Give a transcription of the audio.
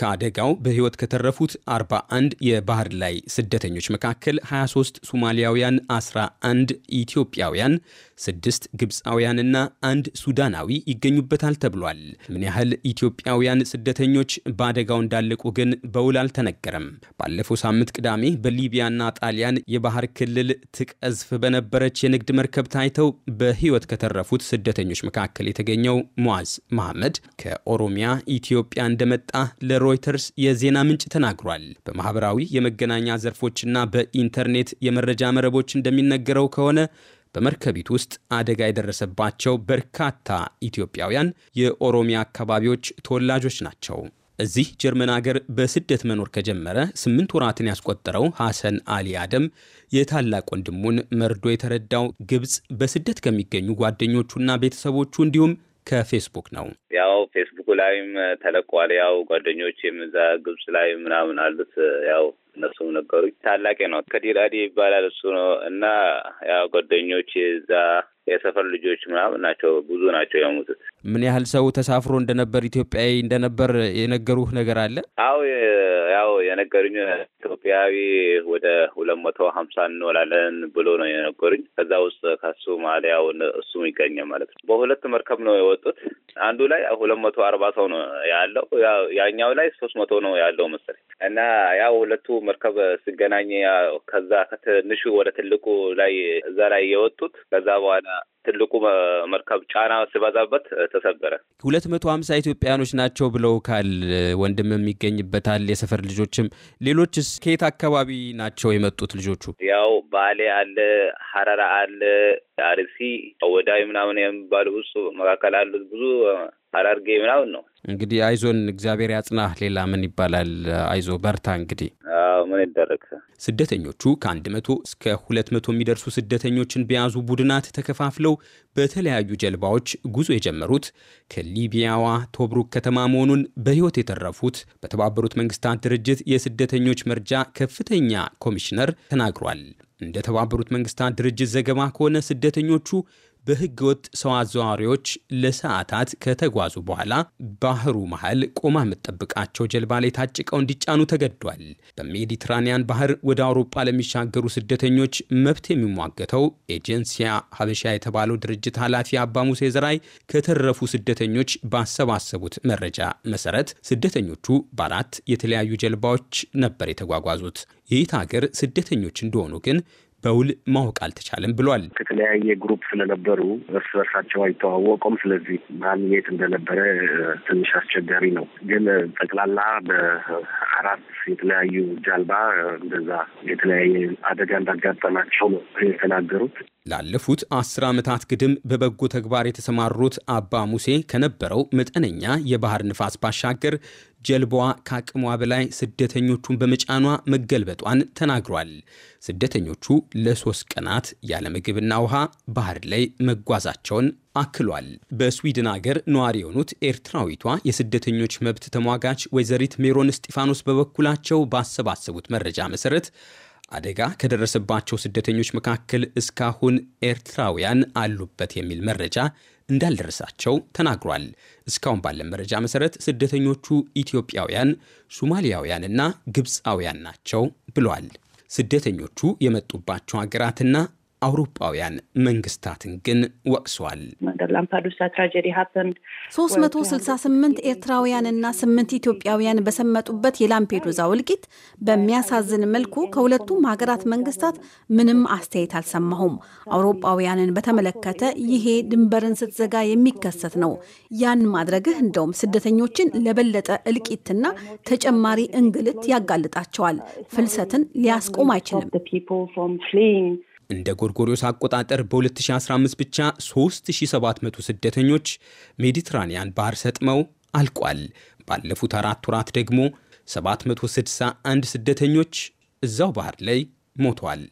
ከአደጋው በሕይወት ከተረፉት 41 የባህር ላይ ስደተኞች መካከል 23 ሶማሊያውያን፣ 11 ኢትዮጵያውያን፣ 6 ግብፃውያንና አንድ ሱዳናዊ ይገኙበታል ተብሏል። ምን ያህል ኢትዮጵያውያን ስደተኞች በአደጋው እንዳለቁ ግን በውል አልተነገረም። ባለፈው ሳምንት ቅዳሜ በሊቢያና ጣሊያን የባህር ክልል ትቀዝፍ በነበረች የንግድ መርከብ ታይተው በሕይወት ከተረፉት ስደተኞች መካከል የተገኘው ሙዓዝ መሐመድ ከኦሮሚያ ኢትዮጵያ እንደመጣ ለ ለሮይተርስ የዜና ምንጭ ተናግሯል። በማህበራዊ የመገናኛ ዘርፎችና በኢንተርኔት የመረጃ መረቦች እንደሚነገረው ከሆነ በመርከቢት ውስጥ አደጋ የደረሰባቸው በርካታ ኢትዮጵያውያን የኦሮሚያ አካባቢዎች ተወላጆች ናቸው። እዚህ ጀርመን አገር በስደት መኖር ከጀመረ ስምንት ወራትን ያስቆጠረው ሐሰን አሊ አደም የታላቅ ወንድሙን መርዶ የተረዳው ግብፅ በስደት ከሚገኙ ጓደኞቹና ቤተሰቦቹ እንዲሁም ከፌስቡክ ነው። ያው ፌስቡክ ላይም ተለቋል። ያው ጓደኞቼም እዛ ግብጽ ላይ ምናምን አሉት ያው እነሱም ነገሩኝ። ታላቄ ነው ከዲራዲ ይባላል እሱ ነው እና ያው ጓደኞች እዛ የሰፈር ልጆች ምናምን ናቸው፣ ብዙ ናቸው የሞቱት። ምን ያህል ሰው ተሳፍሮ እንደነበር ኢትዮጵያዊ እንደነበር የነገሩህ ነገር አለ? አዎ የነገሩኝ ኢትዮጵያዊ ወደ ሁለት መቶ ሀምሳ እንወላለን ብሎ ነው የነገሩኝ። ከዛ ውስጥ ከሶማሊያውን እሱም ይገኛል ማለት ነው። በሁለት መርከብ ነው የወጡት። አንዱ ላይ ሁለት መቶ አርባ ሰው ነው ያለው፣ ያኛው ላይ ሶስት መቶ ነው ያለው መሰለኝ። እና ያው ሁለቱ መርከብ ሲገናኝ ከዛ ከትንሹ ወደ ትልቁ ላይ እዛ ላይ የወጡት ከዛ በኋላ ትልቁ መርከብ ጫና ሲበዛበት ተሰበረ። ሁለት መቶ ሀምሳ ኢትዮጵያኖች ናቸው ካል ወንድም የሚገኝበታል የሰፈር ልጆችም ሌሎችስ ከየት አካባቢ ናቸው የመጡት ልጆቹ? ያው ባሌ አለ፣ ሀረራ አለ፣ አርሲ፣ ወዳዊ ምናምን የሚባሉ ውስጥ መካከል አሉት ብዙ ሐረርጌ ምናምን ነው። እንግዲህ አይዞን እግዚአብሔር ያጽና። ሌላ ምን ይባላል? አይዞ በርታ። እንግዲህ ምን ይደረግ። ስደተኞቹ ከአንድ መቶ እስከ ሁለት መቶ የሚደርሱ ስደተኞችን በያዙ ቡድናት ተከፋፍለው በተለያዩ ጀልባዎች ጉዞ የጀመሩት ከሊቢያዋ ቶብሩክ ከተማ መሆኑን በሕይወት የተረፉት በተባበሩት መንግስታት ድርጅት የስደተኞች መርጃ ከፍተኛ ኮሚሽነር ተናግሯል። እንደ ተባበሩት መንግስታት ድርጅት ዘገባ ከሆነ ስደተኞቹ በህገወጥ ወጥ ሰው አዘዋዋሪዎች ለሰዓታት ከተጓዙ በኋላ ባህሩ መሃል ቆማ የምጠብቃቸው ጀልባ ላይ ታጭቀው እንዲጫኑ ተገዷል። በሜዲትራኒያን ባህር ወደ አውሮፓ ለሚሻገሩ ስደተኞች መብት የሚሟገተው ኤጀንሲያ ሀበሻ የተባለው ድርጅት ኃላፊ አባ ሙሴ ዘራይ ከተረፉ ስደተኞች ባሰባሰቡት መረጃ መሰረት ስደተኞቹ በአራት የተለያዩ ጀልባዎች ነበር የተጓጓዙት። የየት ሀገር ስደተኞች እንደሆኑ ግን በውል ማወቅ አልተቻለም ብሏል። ከተለያየ ግሩፕ ስለነበሩ እርስ በርሳቸው አይተዋወቁም። ስለዚህ ማን የት እንደነበረ ትንሽ አስቸጋሪ ነው። ግን ጠቅላላ በአራት የተለያዩ ጀልባ እንደዛ የተለያየ አደጋ እንዳጋጠማቸው ነው የተናገሩት። ላለፉት አስር ዓመታት ግድም በበጎ ተግባር የተሰማሩት አባ ሙሴ ከነበረው መጠነኛ የባህር ንፋስ ባሻገር ጀልባዋ ከአቅሟ በላይ ስደተኞቹን በመጫኗ መገልበጧን ተናግሯል። ስደተኞቹ ለሶስት ቀናት ያለ ምግብና ውሃ ባህር ላይ መጓዛቸውን አክሏል። በስዊድን አገር ነዋሪ የሆኑት ኤርትራዊቷ የስደተኞች መብት ተሟጋች ወይዘሪት ሜሮን እስጢፋኖስ በበኩላቸው ባሰባሰቡት መረጃ መሰረት አደጋ ከደረሰባቸው ስደተኞች መካከል እስካሁን ኤርትራውያን አሉበት የሚል መረጃ እንዳልደረሳቸው ተናግሯል። እስካሁን ባለን መረጃ መሰረት ስደተኞቹ ኢትዮጵያውያን፣ ሱማሊያውያንና ግብፃውያን ናቸው ብሏል። ስደተኞቹ የመጡባቸው ሀገራትና አውሮፓውያን መንግስታትን ግን ወቅሷል። 368 ኤርትራውያንና 8 ኢትዮጵያውያን በሰመጡበት የላምፔዱዛ እልቂት በሚያሳዝን መልኩ ከሁለቱም ሀገራት መንግስታት ምንም አስተያየት አልሰማሁም። አውሮፓውያንን በተመለከተ ይሄ ድንበርን ስትዘጋ የሚከሰት ነው። ያን ማድረግህ እንደውም ስደተኞችን ለበለጠ እልቂትና ተጨማሪ እንግልት ያጋልጣቸዋል። ፍልሰትን ሊያስቆም አይችልም። እንደ ጎርጎሪዮስ አቆጣጠር በ2015 ብቻ 3700 ስደተኞች ሜዲትራኒያን ባህር ሰጥመው አልቋል። ባለፉት አራት ወራት ደግሞ 761 ስደተኞች እዛው ባህር ላይ ሞቷል።